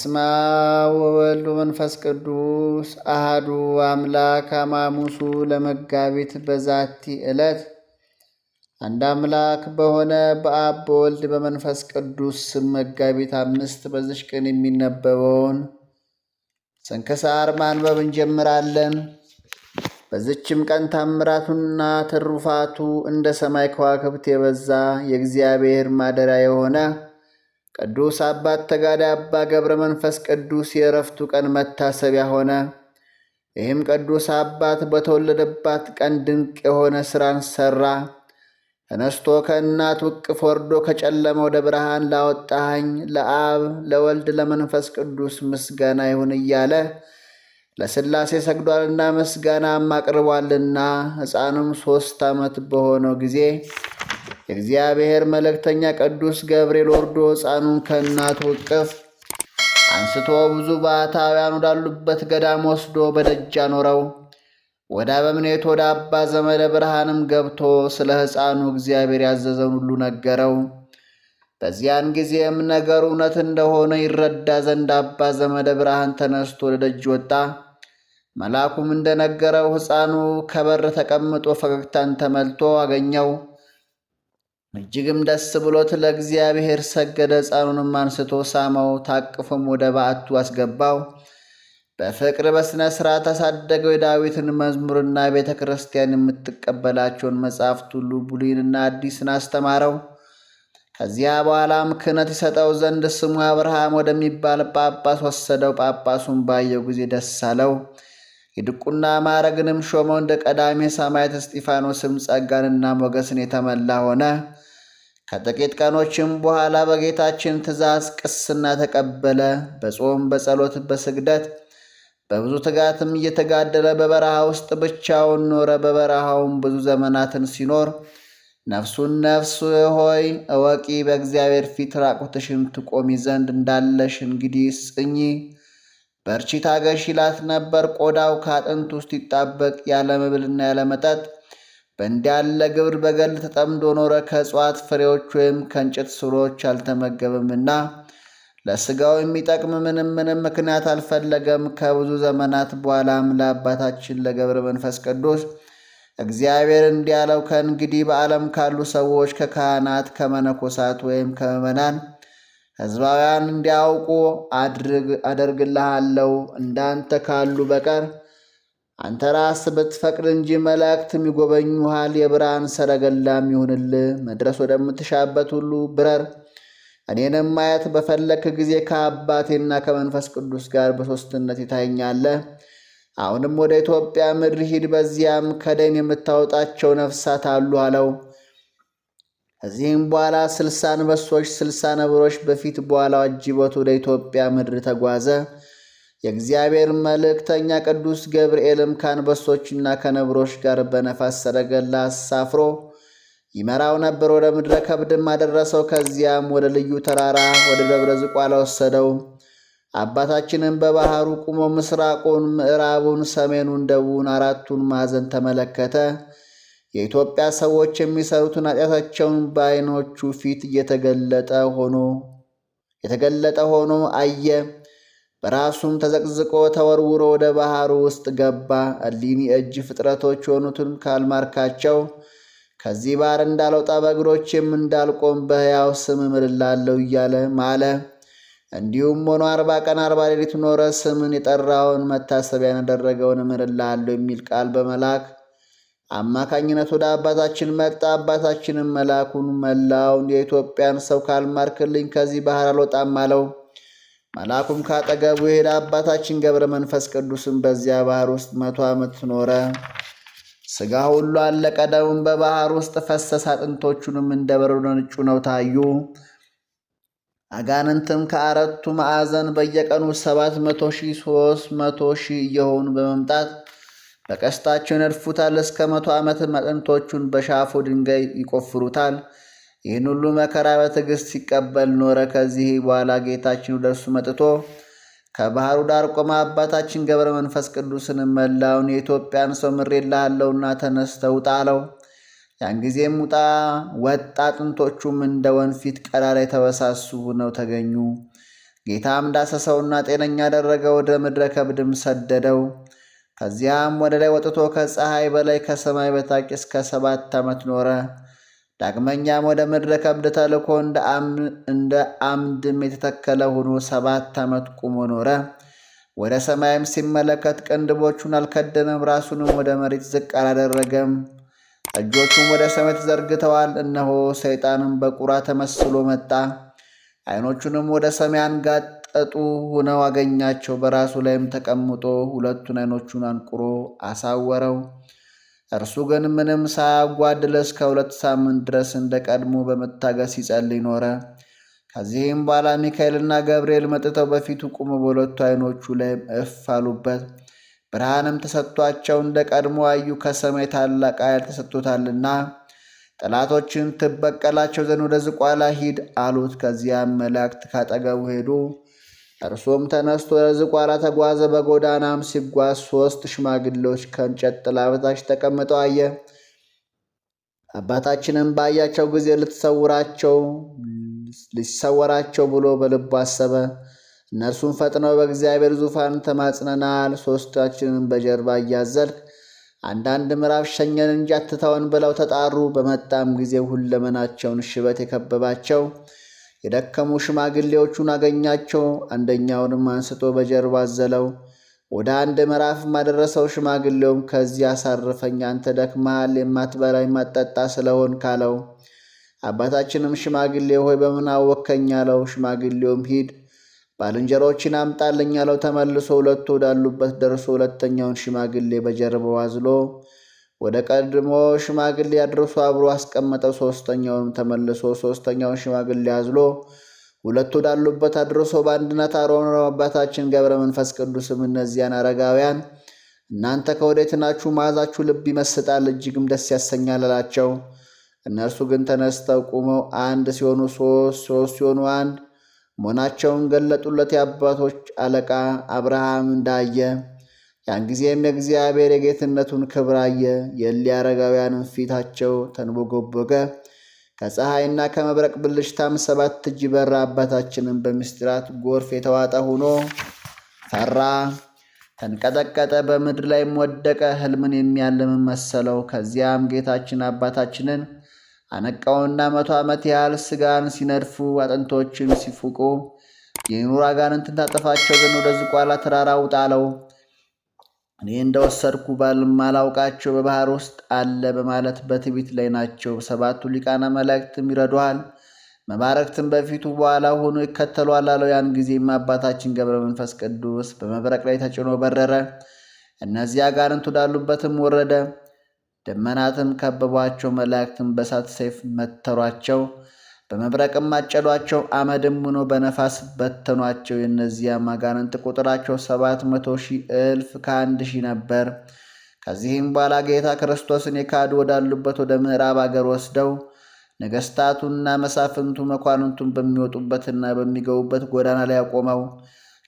በስመ አብ ወወልድ ወመንፈስ ቅዱስ አህዱ አምላክ አማሙሱ ለመጋቢት በዛቲ ዕለት አንድ አምላክ በሆነ በአብ በወልድ በመንፈስ ቅዱስ መጋቢት አምስት በዚሽ ቀን የሚነበበውን ስንክሳር ማንበብ እንጀምራለን። በዚችም ቀን ታምራቱና ትሩፋቱ እንደ ሰማይ ከዋክብት የበዛ የእግዚአብሔር ማደሪያ የሆነ ቅዱስ አባት ተጋዳይ አባ ገብረ መንፈስ ቅዱስ የእረፍቱ ቀን መታሰቢያ ሆነ። ይህም ቅዱስ አባት በተወለደባት ቀን ድንቅ የሆነ ሥራን ሠራ። ተነስቶ ከእናት ውቅፍ ወርዶ ከጨለመ ወደ ብርሃን ላወጣኸኝ ለአብ ለወልድ ለመንፈስ ቅዱስ ምስጋና ይሁን እያለ ለስላሴ ሰግዷልና ምስጋናም አቅርቧልና። ሕፃኑም ሦስት ዓመት በሆነው ጊዜ የእግዚአብሔር መልእክተኛ ቅዱስ ገብርኤል ወርዶ ሕፃኑን ከእናቱ እቅፍ አንስቶ ብዙ ባሕታውያን ወዳሉበት ገዳም ወስዶ በደጅ አኖረው። ወደ አበምኔት ወደ አባ ዘመደ ብርሃንም ገብቶ ስለ ሕፃኑ እግዚአብሔር ያዘዘውን ሁሉ ነገረው። በዚያን ጊዜም ነገሩ እውነት እንደሆነ ይረዳ ዘንድ አባ ዘመደ ብርሃን ተነስቶ ወደ ደጅ ወጣ። መልአኩም እንደነገረው ሕፃኑ ከበር ተቀምጦ ፈገግታን ተመልቶ አገኘው። እጅግም ደስ ብሎት ለእግዚአብሔር ሰገደ። ሕፃኑንም አንስቶ ሳመው፣ ታቅፎም ወደ በዓቱ አስገባው። በፍቅር በሥነ ሥርዓት አሳደገው። የዳዊትን መዝሙርና ቤተ ክርስቲያን የምትቀበላቸውን መጻሕፍት ሁሉ ብሉይንና አዲስን አስተማረው። ከዚያ በኋላም ክህነት ይሰጠው ዘንድ ስሙ አብርሃም ወደሚባል ጳጳስ ወሰደው። ጳጳሱን ባየው ጊዜ ደስ አለው። የድቁና ማዕረግንም ሾመው እንደ ቀዳሜ ሰማዕት እስጢፋኖስም ጸጋንና ሞገስን የተመላ ሆነ። ከጥቂት ቀኖችም በኋላ በጌታችን ትእዛዝ ቅስና ተቀበለ። በጾም በጸሎት በስግደት በብዙ ትጋትም እየተጋደለ በበረሃ ውስጥ ብቻውን ኖረ። በበረሃውም ብዙ ዘመናትን ሲኖር ነፍሱን ነፍስ ሆይ እወቂ፣ በእግዚአብሔር ፊት ራቁትሽን ትቆሚ ዘንድ እንዳለሽ እንግዲህ ጽኚ በርቺ ታገሽ ይላት ነበር። ቆዳው ውስጥ ይጣበቅ ያለ መብልና ያለ መጠጥ በእንዲህ ያለ ግብር በገል ተጠምዶ ኖረ። ከእጽዋት ፍሬዎች ወይም ከእንጨት ስሮች አልተመገበምና ለስጋው የሚጠቅም ምንም ምንም ምክንያት አልፈለገም። ከብዙ ዘመናት በኋላም ለአባታችን ለገብረ መንፈስ ቅዱስ እግዚአብሔር እንዲያለው ከእንግዲህ በዓለም ካሉ ሰዎች ከካህናት፣ ከመነኮሳት ወይም ከምዕመናን ሕዝባውያን እንዲያውቁ አደርግልሃለሁ። እንዳንተ ካሉ በቀር አንተ ራስ ብትፈቅድ እንጂ መላእክት የሚጎበኙሃል። የብርሃን ሰረገላም ይሁንል። መድረስ ወደምትሻበት ሁሉ ብረር። እኔንም ማየት በፈለክ ጊዜ ከአባቴና ከመንፈስ ቅዱስ ጋር በሦስትነት ይታየኛለህ። አሁንም ወደ ኢትዮጵያ ምድር ሂድ፣ በዚያም ከደን የምታወጣቸው ነፍሳት አሉ አለው። ከዚህም በኋላ ስልሳ አንበሶች፣ ስልሳ ነብሮች በፊት በኋላ አጅቦት ወደ ኢትዮጵያ ምድር ተጓዘ። የእግዚአብሔር መልእክተኛ ቅዱስ ገብርኤልም ከአንበሶችና ከነብሮች ጋር በነፋስ ሰረገላ አሳፍሮ ይመራው ነበር። ወደ ምድረ ከብድም አደረሰው። ከዚያም ወደ ልዩ ተራራ ወደ ደብረ ዝቋላ ወሰደው። አባታችንም በባህሩ ቁሞ ምስራቁን፣ ምዕራቡን፣ ሰሜኑን፣ ደቡቡን አራቱን ማዕዘን ተመለከተ። የኢትዮጵያ ሰዎች የሚሰሩትን ኃጢአታቸውን በዓይኖቹ ፊት እየተገለጠ ሆኖ የተገለጠ ሆኖ አየ። በራሱም ተዘቅዝቆ ተወርውሮ ወደ ባህሩ ውስጥ ገባ። እሊኒ የእጅ ፍጥረቶች የሆኑትን ካልማርካቸው ከዚህ ባህር እንዳልወጣ በእግሮቼም እንዳልቆም በሕያው ስም እምልላለሁ እያለ ማለ። እንዲሁም ሆኖ አርባ ቀን አርባ ሌሊት ኖረ። ስምን የጠራውን መታሰቢያን ያደረገውን እምልላለሁ የሚል ቃል በመላክ አማካኝነት ወደ አባታችን መጣ። አባታችንም መላኩን መላውን የኢትዮጵያን ሰው ካልማርክልኝ ከዚህ ባህር አልወጣም አለው። መልአኩም ካጠገቡ የሄደ አባታችን ገብረ መንፈስ ቅዱስም በዚያ ባህር ውስጥ መቶ ዓመት ኖረ። ስጋ ሁሉ አለቀ፣ ደሙም በባህር ውስጥ ፈሰሰ። አጥንቶቹንም እንደ በረዶ ነጩ ነው ታዩ። አጋንንትም ከአረቱ ማዕዘን በየቀኑ ሰባት መቶ ሺህ ሶስት መቶ ሺህ እየሆኑ በመምጣት በቀስታቸው ይነድፉታል፣ እስከ መቶ ዓመት አጥንቶቹን በሻፎ ድንጋይ ይቆፍሩታል። ይህን ሁሉ መከራ በትዕግሥት ሲቀበል ኖረ። ከዚህ በኋላ ጌታችን ወደ እርሱ መጥቶ ከባህሩ ዳር ቆመ። አባታችን ገብረ መንፈስ ቅዱስን መላውን የኢትዮጵያን ሰው ምሬልሃለሁና ተነስተው ውጣ አለው። ያን ጊዜም ውጣ ወጣ። አጥንቶቹም እንደ ወንፊት ቀዳዳ የተበሳሱ ሆነው ተገኙ። ጌታም ዳሰሰውና ጤነኛ አደረገው። ወደ ምድረ ከብድም ሰደደው። ከዚያም ወደ ላይ ወጥቶ ከፀሐይ በላይ ከሰማይ በታች እስከ ሰባት ዓመት ኖረ። ዳግመኛም ወደ ምድረ ከብድ ተልኮ እንደ አምድም የተተከለ ሆኖ ሰባት ዓመት ቁሞ ኖረ። ወደ ሰማይም ሲመለከት ቅንድቦቹን አልከደነም፣ ራሱንም ወደ መሬት ዝቅ አላደረገም። እጆቹም ወደ ሰማይ ተዘርግተዋል። እነሆ ሰይጣንም በቁራ ተመስሎ መጣ። ዓይኖቹንም ወደ ሰማይ አንጋጠ የተቀጠቀጡ ሆነው አገኛቸው። በራሱ ላይም ተቀምጦ ሁለቱን አይኖቹን አንቁሮ አሳወረው። እርሱ ግን ምንም ሳያጓድል እስከ ሁለት ሳምንት ድረስ እንደ ቀድሞ በመታገስ ይጸልይ ኖረ። ከዚህም በኋላ ሚካኤልና ገብርኤል መጥተው በፊቱ ቆመው በሁለቱ አይኖቹ ላይም እፍ አሉበት። ብርሃንም ተሰጥቷቸው እንደ ቀድሞ አዩ። ከሰማይ ታላቅ ኃይል ተሰጥቶታልና ጠላቶችን ትበቀላቸው ዘንድ ወደ ዝቋላ ሂድ አሉት። ከዚያም መላእክት ካጠገቡ ሄዱ። እርሱም ተነስቶ ወደዚህ ተጓዘ። በጎዳናም ሲጓዝ ሦስት ሽማግሌዎች ከእንጨት ጥላ በታች ተቀምጠው አየ። አባታችንም ባያቸው ጊዜ ልትሰውራቸው ሊሰወራቸው ብሎ በልቡ አሰበ። እነርሱም ፈጥነው በእግዚአብሔር ዙፋን ተማጽነናል፣ ሶስታችንን በጀርባ እያዘልክ አንዳንድ ምዕራፍ ሸኘን እንጂ አትተውን ብለው ተጣሩ። በመጣም ጊዜ ሁለመናቸውን ሽበት የከበባቸው የደከሙ ሽማግሌዎቹን አገኛቸው። አንደኛውንም አንስቶ በጀርባ አዘለው፣ ወደ አንድ ምዕራፍ ማደረሰው ሽማግሌውም ከዚህ አሳርፈኝ፣ አንተ ደክመሃል፣ የማትበላ የማትጠጣ ስለሆን ካለው አባታችንም ሽማግሌ ሆይ በምን አወከኝ አለው። ሽማግሌውም ሂድ ባልንጀሮችን አምጣልኝ አለው። ተመልሶ ሁለቱ ወዳሉበት ደርሶ ሁለተኛውን ሽማግሌ በጀርባው አዝሎ ወደ ቀድሞ ሽማግሌ አድርሶ አብሮ አስቀመጠው። ሶስተኛውንም ተመልሶ ሶስተኛውን ሽማግሌ አዝሎ ሁለቱ ወዳሉበት አድርሶ በአንድነት አሮን አባታችን ገብረ መንፈስ ቅዱስም እነዚያን አረጋውያን እናንተ ከወዴት ናችሁ? መዓዛችሁ ልብ ይመስጣል፣ እጅግም ደስ ያሰኛል አላቸው። እነርሱ ግን ተነስተው ቁመው አንድ ሲሆኑ ሶስት ሶስት ሲሆኑ አንድ መሆናቸውን ገለጡለት። የአባቶች አለቃ አብርሃም እንዳየ ያን ጊዜም የእግዚአብሔር የጌትነቱን ክብር አየ። የሊ አረጋውያንም ፊታቸው ተንቦጎቦገ። ከፀሐይና ከመብረቅ ብልሽታም ሰባት እጅ በራ። አባታችንም በምስጢራት ጎርፍ የተዋጠ ሆኖ ፈራ፣ ተንቀጠቀጠ፣ በምድር ላይም ወደቀ። ህልምን የሚያልም መሰለው። ከዚያም ጌታችን አባታችንን አነቃውና መቶ ዓመት ያህል ስጋን ሲነድፉ አጥንቶችን ሲፉቁ የኑር አጋንንትን ታጠፋቸው ዘንድ ወደ ዝቋላ ተራራ ውጣለው። እኔ እንደወሰድኩ ባልማላውቃቸው በባህር ውስጥ አለ በማለት በትዕቢት ላይ ናቸው። ሰባቱ ሊቃነ መላእክትም ይረዷል። መባረክትም በፊቱ በኋላ ሆኖ ይከተሏል አለው። ያን ጊዜም አባታችን ገብረ መንፈስ ቅዱስ በመብረቅ ላይ ተጭኖ በረረ። እነዚህ አጋንንት ወዳሉበትም ወረደ። ደመናትም ከበቧቸው፣ መላእክትም በእሳት ሰይፍ መተሯቸው። በመብረቅም አጨዷቸው፣ አመድም ሆኖ በነፋስ በተኗቸው። የእነዚያ አጋንንት ቁጥራቸው ሰባት መቶ ሺህ እልፍ ከአንድ ሺህ ነበር። ከዚህም በኋላ ጌታ ክርስቶስን የካዱ ወዳሉበት ወደ ምዕራብ አገር ወስደው ነገሥታቱና መሳፍንቱ መኳንንቱን በሚወጡበትና በሚገቡበት ጎዳና ላይ አቆመው።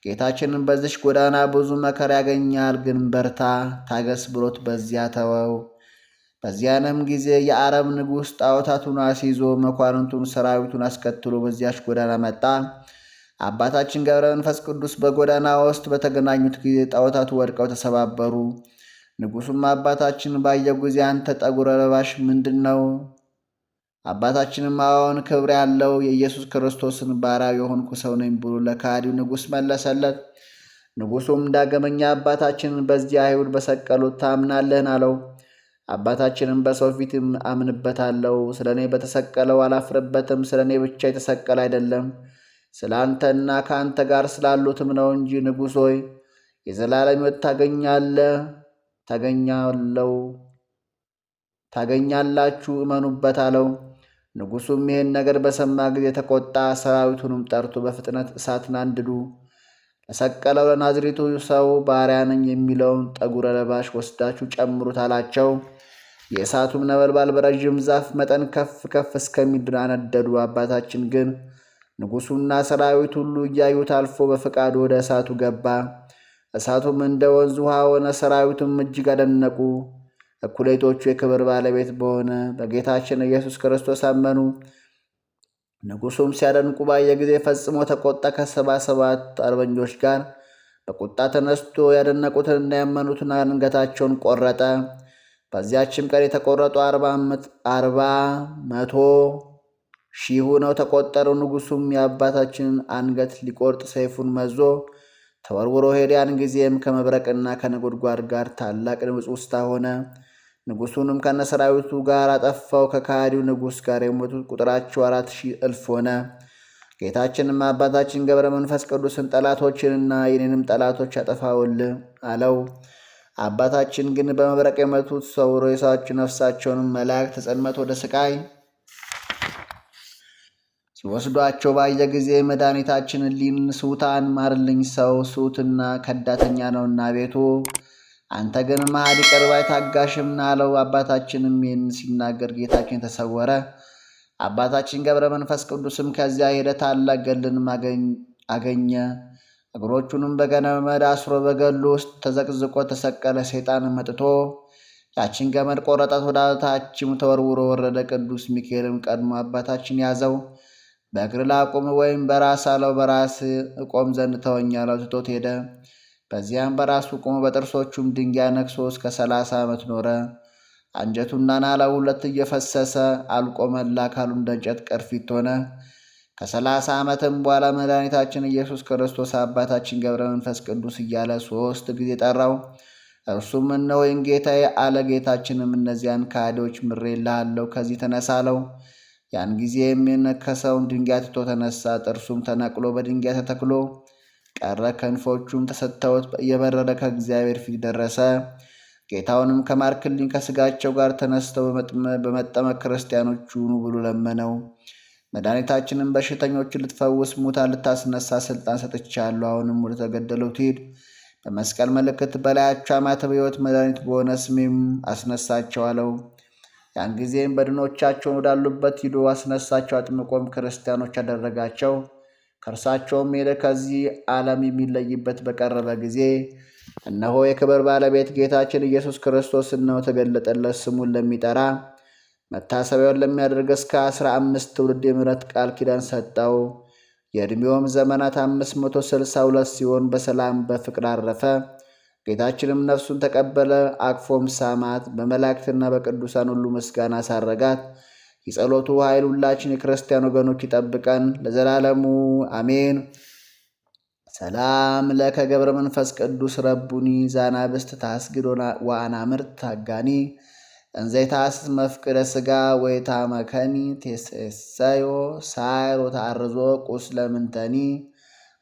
ጌታችንን በዚች ጎዳና ብዙ መከራ ያገኛል፣ ግን በርታ ታገስ ብሎት በዚያ ተወው። በዚያንም ጊዜ የአረብ ንጉሥ ጣዖታቱን አስይዞ መኳንንቱን ሰራዊቱን አስከትሎ በዚያች ጎዳና መጣ። አባታችን ገብረ መንፈስ ቅዱስ በጎዳና ውስጥ በተገናኙት ጊዜ ጣዖታቱ ወድቀው ተሰባበሩ። ንጉሱም አባታችን ባየው ጊዜ አንተ ጠጉረ ለባሽ ምንድን ነው? አባታችንም አዎን ክብር ያለው የኢየሱስ ክርስቶስን ባሪያ የሆንኩ ሰው ነኝ ብሎ ለካዲው ንጉስ መለሰለት። ንጉሱም ዳገመኛ አባታችንን በዚህ አይሁድ በሰቀሉት ታምናለህን? አለው። አባታችንም በሰው ፊት አምንበታለሁ። ስለ እኔ በተሰቀለው አላፍርበትም። ስለ እኔ ብቻ የተሰቀለ አይደለም፣ ስለ አንተና ከአንተ ጋር ስላሉትም ነው እንጂ። ንጉሥ ሆይ የዘላለም ሕይወት ታገኛለህ ታገኛለው ታገኛላችሁ እመኑበት አለው። ንጉሡም ይህን ነገር በሰማ ጊዜ ተቆጣ። ሰራዊቱንም ጠርቶ በፍጥነት እሳትን አንድዱ ለሰቀለው ለናዝሬቱ ሰው ባሪያ ነኝ የሚለውን ጠጉረ ለባሽ ወስዳችሁ ጨምሩት አላቸው። የእሳቱም ነበልባል በረዥም ዛፍ መጠን ከፍ ከፍ እስከሚድን አነደዱ። አባታችን ግን ንጉሱና ሰራዊት ሁሉ እያዩት አልፎ በፈቃዱ ወደ እሳቱ ገባ። እሳቱም እንደ ወንዝ ውሃ ሆነ። ሰራዊቱም እጅግ አደነቁ። እኩሌቶቹ የክብር ባለቤት በሆነ በጌታችን ኢየሱስ ክርስቶስ አመኑ። ንጉሱም ሲያደንቁ ባየ ጊዜ ፈጽሞ ተቆጣ። ከሰባ ሰባት አርበኞች ጋር በቁጣ ተነስቶ ያደነቁትን እና ያመኑትን አንገታቸውን ቆረጠ። በዚያችም ቀን የተቆረጡ አርባ መቶ ሺህ ሆነው ተቆጠሩ። ንጉሱም የአባታችንን አንገት ሊቆርጥ ሰይፉን መዞ ተወርውሮ ሄደ። ያን ጊዜም ከመብረቅና ከነጎድጓድ ጋር ታላቅ ድምፅ ውስታ ሆነ። ንጉሱንም ከነሰራዊቱ ጋር አጠፋው። ከካሃዲው ንጉስ ጋር የሞቱት ቁጥራቸው አራት ሺህ እልፍ ሆነ። ጌታችንም አባታችን ገብረ መንፈስ ቅዱስን ጠላቶችንና የኔንም ጠላቶች አጠፋውል አለው። አባታችን ግን በመብረቅ የመቱት ሰው ሬሳቸው ነፍሳቸውንም መላእክት ጽልመት ወደ ስቃይ ሲወስዷቸው ባየ ጊዜ መድኃኒታችን ሊን ስውታን ማርልኝ ሰው ስውትና ከዳተኛ ነውና ቤቱ አንተ ግን መሐሪ ቀርባይ ታጋሽምና አለው። አባታችንም ይህን ሲናገር ጌታችን ተሰወረ። አባታችን ገብረ መንፈስ ቅዱስም ከዚያ ሄደ ታላቅ ገድልን አገኘ። እግሮቹንም በገመድ አስሮ በገሉ ውስጥ ተዘቅዝቆ ተሰቀለ። ሰይጣን መጥቶ ያችን ገመድ ቆረጣት፣ ወደታችም ተወርውሮ ወረደ። ቅዱስ ሚካኤልም ቀድሞ አባታችን ያዘው፣ በእግር ላቁም ወይም በራስ አለው። በራስ እቆም ዘንድ ተወኝ ትቶት ሄደ። በዚያም በራሱ ቆሞ በጥርሶቹም ድንጋይ ነክሶ እስከ ሰላሳ ዓመት ኖረ። አንጀቱና ናላው ሁለት እየፈሰሰ አልቆ መላ አካሉ እንደ እንጨት ቅርፊት ሆነ። ከሰላሳ ዓመትም በኋላ መድኃኒታችን ኢየሱስ ክርስቶስ አባታችን ገብረ መንፈስ ቅዱስ እያለ ሦስት ጊዜ ጠራው። እርሱም እነሆኝ ጌታዬ አለ። ጌታችንም እነዚያን ከሃዲዎች ምሬልሃለሁ፣ ከዚህ ተነሳ አለው። ያን ጊዜ የሚነከሰውን ድንጋይ ትቶ ተነሳ። ጥርሱም ተነቅሎ በድንጋይ ተተክሎ ቀረ። ክንፎቹም ተሰጥተውት እየበረረ ከእግዚአብሔር ፊት ደረሰ። ጌታውንም ከማርክልኝ ከስጋቸው ጋር ተነስተው በመጠመቅ ክርስቲያኖች ሁኑ ብሎ ለመነው። መድኃኒታችንን በሽተኞችን ልትፈውስ ሙታን ልታስነሳ ስልጣን ሰጥቻለሁ። አሁንም ወደ ተገደለው ትሂድ። በመስቀል ምልክት በላያቸው ማኅተመ ሕይወት መድኃኒት በሆነ ስሜም አስነሳቸው አለው። ያን ጊዜም በድኖቻቸውን ወዳሉበት ሂዶ አስነሳቸው። አጥምቆም ክርስቲያኖች አደረጋቸው። ከእርሳቸውም ሄደ። ከዚህ ዓለም የሚለይበት በቀረበ ጊዜ እነሆ የክብር ባለቤት ጌታችን ኢየሱስ ክርስቶስ እነሆ ተገለጠለት። ስሙን ለሚጠራ መታሰቢያውን ለሚያደርግ እስከ አስራ አምስት ትውልድ የምሕረት ቃል ኪዳን ሰጠው። የዕድሜውም ዘመናት አምስት መቶ ስልሳ ሁለት ሲሆን በሰላም በፍቅር አረፈ። ጌታችንም ነፍሱን ተቀበለ፣ አቅፎም ሳማት። በመላእክትና በቅዱሳን ሁሉ ምስጋና ሳረጋት። የጸሎቱ ኃይል ሁላችን የክርስቲያን ወገኖች ይጠብቀን ለዘላለሙ አሜን። ሰላም ለከ ገብረ መንፈስ ቅዱስ ረቡኒ ዛናብስት ታስግዶና ምርት ታጋኒ እንዘይታስስ መፍቅረ ስጋ ታመከኒ ቴሰዮ ሳይሮ ታርዞ ቁስ ለምንተኒ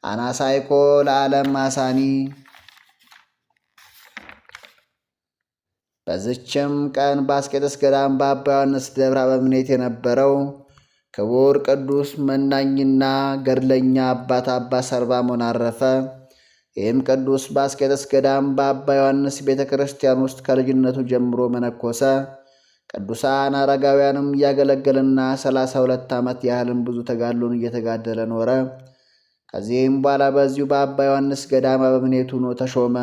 አናሳይኮ ለዓለም ማሳኒ። በዝችም ቀን በአስቄጥስ ገዳም በአባ ዮሐንስ ደብራ በምኔት የነበረው ክቡር ቅዱስ መናኝና ገድለኛ አባት አባ ሰርባ ሞን አረፈ። ይህም ቅዱስ በአስቄጥስ ገዳም በአባ ዮሐንስ ቤተ ክርስቲያን ውስጥ ከልጅነቱ ጀምሮ መነኮሰ። ቅዱሳን አረጋውያንም እያገለገለና ሰላሳ ሁለት ዓመት ያህልም ብዙ ተጋድሎን እየተጋደለ ኖረ። ከዚህም በኋላ በዚሁ በአባ ዮሐንስ ገዳም አበምኔት ሆኖ ተሾመ።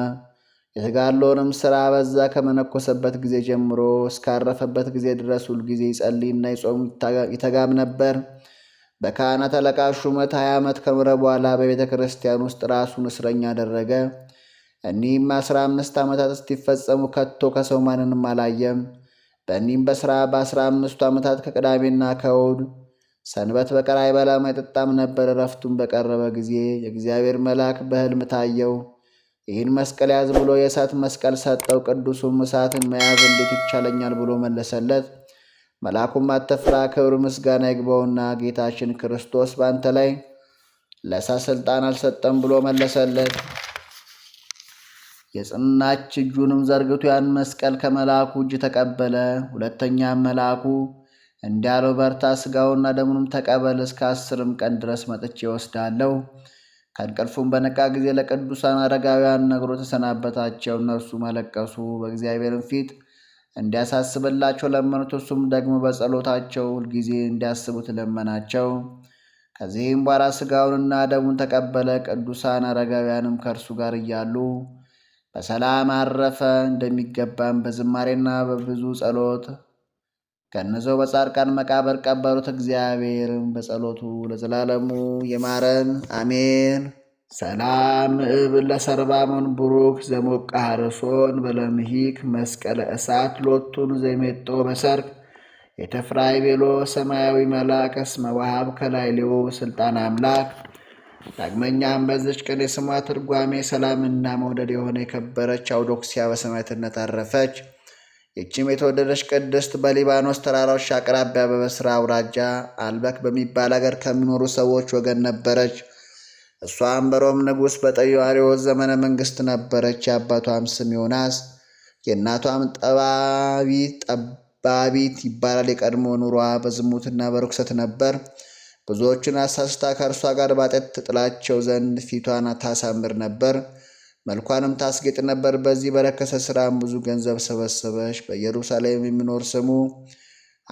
የተጋድሎንም ሥራ በዛ ከመነኮሰበት ጊዜ ጀምሮ እስካረፈበት ጊዜ ድረስ ሁልጊዜ ይጸልይና ይጾም ይተጋም ነበር። በካህናት አለቃ ሹመት 20 ዓመት ከኖረ በኋላ በቤተ ክርስቲያን ውስጥ ራሱን እስረኛ አደረገ። እኒህም አስራ አምስት ዓመታት እስቲፈጸሙ ከቶ ከሰው ማንንም አላየም። በእኒህም በሥራ በአስራ አምስቱ ዓመታት ከቅዳሜና ከውድ ሰንበት በቀር አይበላም አይጠጣም ነበር። እረፍቱን በቀረበ ጊዜ የእግዚአብሔር መልአክ በሕልም ታየው። ይህን መስቀል ያዝ ብሎ የእሳት መስቀል ሰጠው። ቅዱሱም እሳትን መያዝ እንዴት ይቻለኛል ብሎ መለሰለት። መልአኩም አትፍራ፣ ክብር ምስጋና ይግባውና ጌታችን ክርስቶስ በአንተ ላይ ለእሳት ስልጣን አልሰጠም ብሎ መለሰለት። የጽናች እጁንም ዘርግቶ ያን መስቀል ከመልአኩ እጅ ተቀበለ። ሁለተኛም መልአኩ እንዳለው በርታ፣ ስጋውና ደሙንም ተቀበል፣ እስከ አስርም ቀን ድረስ መጥቼ ወስዳለሁ። ከእንቅልፉም በነቃ ጊዜ ለቅዱሳን አረጋውያን ነግሮ ተሰናበታቸው። እነርሱ መለቀሱ በእግዚአብሔርም ፊት እንዲያሳስብላቸው ለመኑት። እሱም ደግሞ በጸሎታቸው ሁልጊዜ እንዲያስቡት ለመናቸው። ከዚህም በኋላ ስጋውንና ደሙን ተቀበለ። ቅዱሳን አረጋውያንም ከእርሱ ጋር እያሉ በሰላም አረፈ። እንደሚገባም በዝማሬና በብዙ ጸሎት ገንዘው በጻድቃን መቃብር ቀበሩት። እግዚአብሔርም በጸሎቱ ለዘላለሙ የማረን አሜን። ሰላም እብል ለሰርባሞን ብሩክ ዘሞቃሃርሶን በለምሂክ መስቀለ እሳት ሎቱን ዘሜጦ በሰርክ የተፍራይ ቤሎ ሰማያዊ መልአክ እስመ ከላይ ሌው ስልጣን አምላክ። ዳግመኛም በዚች ቀን የስሟ ትርጓሜ ሰላምና መውደድ የሆነ የከበረች አውዶክሲያ በሰማዕትነት አረፈች። ይችም የተወደደች ቅድስት በሊባኖስ ተራራዎች አቅራቢያ በበስራ አውራጃ አልበክ በሚባል አገር ከሚኖሩ ሰዎች ወገን ነበረች። እሷም በሮም ንጉሥ በጠዮዋሪዎ ዘመነ መንግሥት ነበረች። የአባቷም ስም ዮናስ የእናቷም ጠባቢት ጠባቢት ይባላል። የቀድሞ ኑሯ በዝሙትና በርኩሰት ነበር። ብዙዎቹን አሳስታ ከእርሷ ጋር ባጤት ትጥላቸው ዘንድ ፊቷን ታሳምር ነበር፣ መልኳንም ታስጌጥ ነበር። በዚህ በረከሰ ሥራም ብዙ ገንዘብ ሰበሰበች። በኢየሩሳሌም የሚኖር ስሙ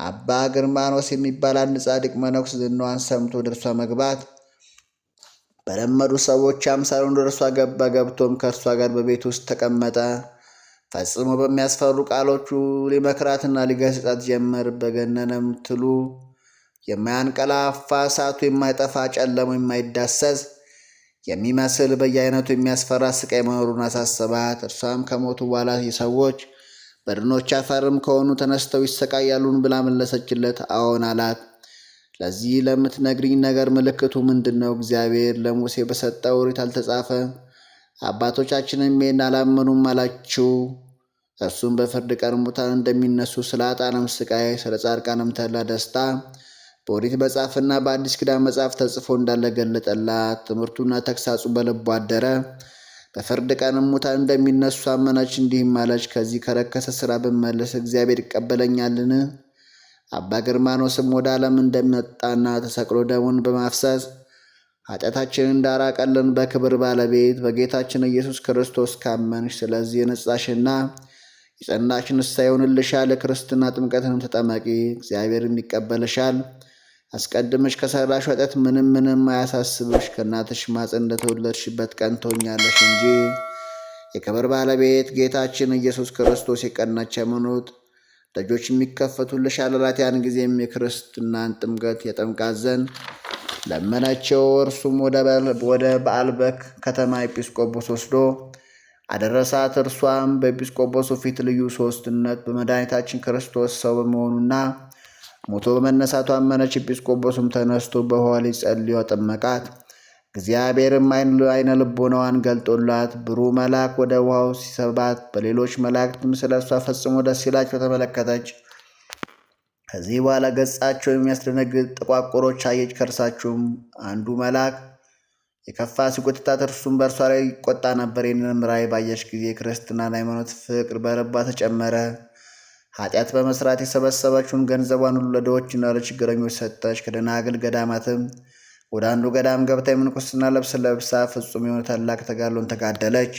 አባ ግርማኖስ የሚባል አንድ ጻድቅ መነኩስ ዝናዋን ሰምቶ ወደ እርሷ መግባት በለመዱ ሰዎች አምሳሉን ወደ እርሷ ገባ። ገብቶም ከእርሷ ጋር በቤት ውስጥ ተቀመጠ። ፈጽሞ በሚያስፈሩ ቃሎቹ ሊመክራትና ሊገስጣት ጀመር። በገነነም ትሉ የማያንቀላፋ እሳቱ የማይጠፋ ጨለሙ የማይዳሰስ የሚመስል በየአይነቱ የሚያስፈራ ስቃይ መኖሩን አሳሰባት። እርሷም ከሞቱ በኋላ የሰዎች በድኖች አፈርም ከሆኑ ተነስተው ይሰቃያሉን ብላ መለሰችለት። አዎን አላት። ለዚህ ለምትነግሪኝ ነገር ምልክቱ ምንድን ነው? እግዚአብሔር ለሙሴ በሰጠው ኦሪት አልተጻፈ? አባቶቻችንም ይህን አላመኑም አላችሁ። እርሱም በፍርድ ቀን ሙታን እንደሚነሱ ስለ ኃጥአንም ስቃይ ስለ ጻድቃንም ተላ ደስታ በኦሪት መጽሐፍና በአዲስ ኪዳን መጽሐፍ ተጽፎ እንዳለ ገለጠላት። ትምህርቱና ተግሳጹ በልቦ አደረ። በፍርድ ቀንም ሙታን እንደሚነሱ አመናች፣ እንዲህም አለች፦ ከዚህ ከረከሰ ስራ ብመለስ እግዚአብሔር ይቀበለኛልን? አባ ግርማኖስም ወደ ዓለም እንደመጣና ተሰቅሎ ደሙን በማፍሰስ ኃጢአታችን እንዳራቀልን በክብር ባለቤት በጌታችን ኢየሱስ ክርስቶስ ካመንሽ ስለዚህ የነጻሽና የጸናሽ ንስሐ ይሆንልሻል። ለክርስትና ጥምቀትንም ተጠመቂ፣ እግዚአብሔርም ይቀበልሻል። አስቀድመሽ ከሰራሽ ኃጢአት ምንም ምንም አያሳስብሽ። ከእናትሽ ማጽ እንደተወለድሽበት ቀን ትሆኛለሽ እንጂ የክብር ባለቤት ጌታችን ኢየሱስ ክርስቶስ የቀናች ሃይማኖት ደጆች የሚከፈቱልሽ አላት። ያን ጊዜም የክርስትናን ጥምቀት የጠምቃት ዘንድ ለመነችው። እርሱም ወደ በአልበክ ከተማ ኤጲስቆጶስ ወስዶ አደረሳት። እርሷም በኤጲስቆጶሱ ፊት ልዩ ሶስትነት በመድኃኒታችን ክርስቶስ ሰው በመሆኑና ሞቶ በመነሳቱ አመነች። ኤጲስቆጶስም ተነስቶ በኋላ ጸልዮ ጠመቃት። እግዚአብሔርም አይነ ልቦናዋን ገልጦላት ብሩህ መልአክ ወደ ውሃው ሲሰባት በሌሎች መላእክትም ስለ እሷ ፈጽሞ ደስ ሲላቸው ተመለከተች። ከዚህ በኋላ ገጻቸው የሚያስደነግጥ ጥቋቁሮች አየች። ከእርሳችሁም አንዱ መልአክ የከፋ ሲቆጥታት፣ እርሱም በእርሷ ላይ ይቆጣ ነበር። ይህንንም ራእይ ባየች ጊዜ ክርስትናን ሃይማኖት ፍቅር በረባ ተጨመረ። ኃጢአት በመስራት የሰበሰበችውን ገንዘቧን ሁሉ ለድሆችና ለችግረኞች ሰጠች። ከደናግል ገዳማትም ወደ አንዱ ገዳም ገብታ የምንኩስና ልብስ ለብሳ ፍጹም የሆነ ታላቅ ተጋድሎን ተጋደለች።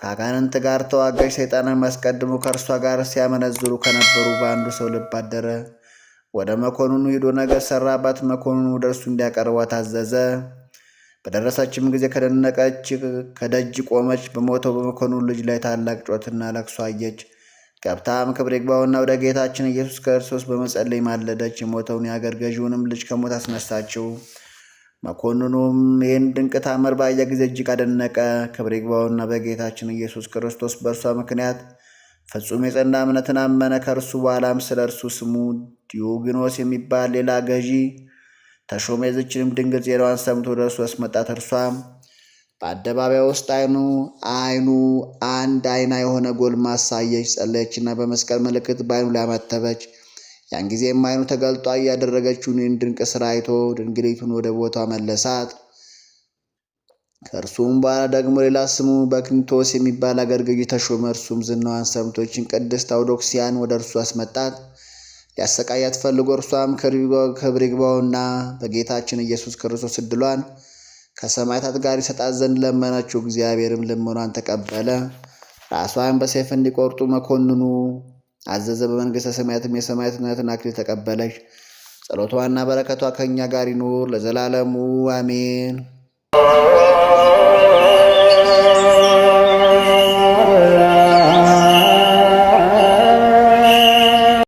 ከአጋንንት ጋር ተዋጋች። ሰይጣንን አስቀድሞ ከእርሷ ጋር ሲያመነዝሩ ከነበሩ በአንዱ ሰው ልብ አደረ። ወደ መኮንኑ ሂዶ ነገር ሰራባት። መኮንኑ ወደ እርሱ እንዲያቀርቧት አዘዘ። በደረሰችም ጊዜ ከደነቀች ከደጅ ቆመች። በሞተው በመኮንኑ ልጅ ላይ ታላቅ ጮትና ለቅሶ አየች። ገብታም ክብር ይግባውና ወደ ጌታችን ኢየሱስ ክርስቶስ በመጸለይ ማለደች። የሞተውን የአገር ገዢውንም ልጅ ከሞት አስነሳችው። መኮንኑም ይህን ድንቅ ታምር ባየ ጊዜ እጅግ አደነቀ። ክብር ይግባውና በጌታችን ኢየሱስ ክርስቶስ በእርሷ ምክንያት ፍጹም የጸና እምነትን አመነ። ከእርሱ በኋላም ስለ እርሱ ስሙ ዲዮግኖስ የሚባል ሌላ ገዢ ተሾመ። የዘችንም ድንግል ዜናዋን ሰምቶ ወደ እርሱ አስመጣት። እርሷም በአደባባይ ውስጥ አይኑ አይኑ አንድ አይና የሆነ ጎልማሳ አየች። ጸለየችና በመስቀል ምልክት በአይኑ ላይ አማተበች። ያን ጊዜም ዓይኑ ተገልጧ እያደረገችውን ድንቅ ስራ አይቶ ድንግሊቱን ወደ ቦታ መለሳት። ከእርሱም በኋላ ደግሞ ሌላ ስሙ በክንቶስ የሚባል አገር ገዢ ተሾመ። እርሱም ዝናዋን ሰምቶችን ቅድስት አውዶክሲያን ወደ እርሱ አስመጣት። ሊያሰቃያት ፈልጎ እርሷም ክብር ይግባውና በጌታችን ኢየሱስ ክርስቶስ እድሏን ከሰማዕታት ጋር ይሰጣት ዘንድ ለመነችው። እግዚአብሔርም ልመኗን ተቀበለ። ራሷን በሰይፍ እንዲቆርጡ መኮንኑ አዘዘ። በመንግሥተ ሰማያትም የሰማዕትነትን አክሊል ተቀበለች። ጸሎቷና በረከቷ ከእኛ ጋር ይኑር ለዘላለሙ አሜን።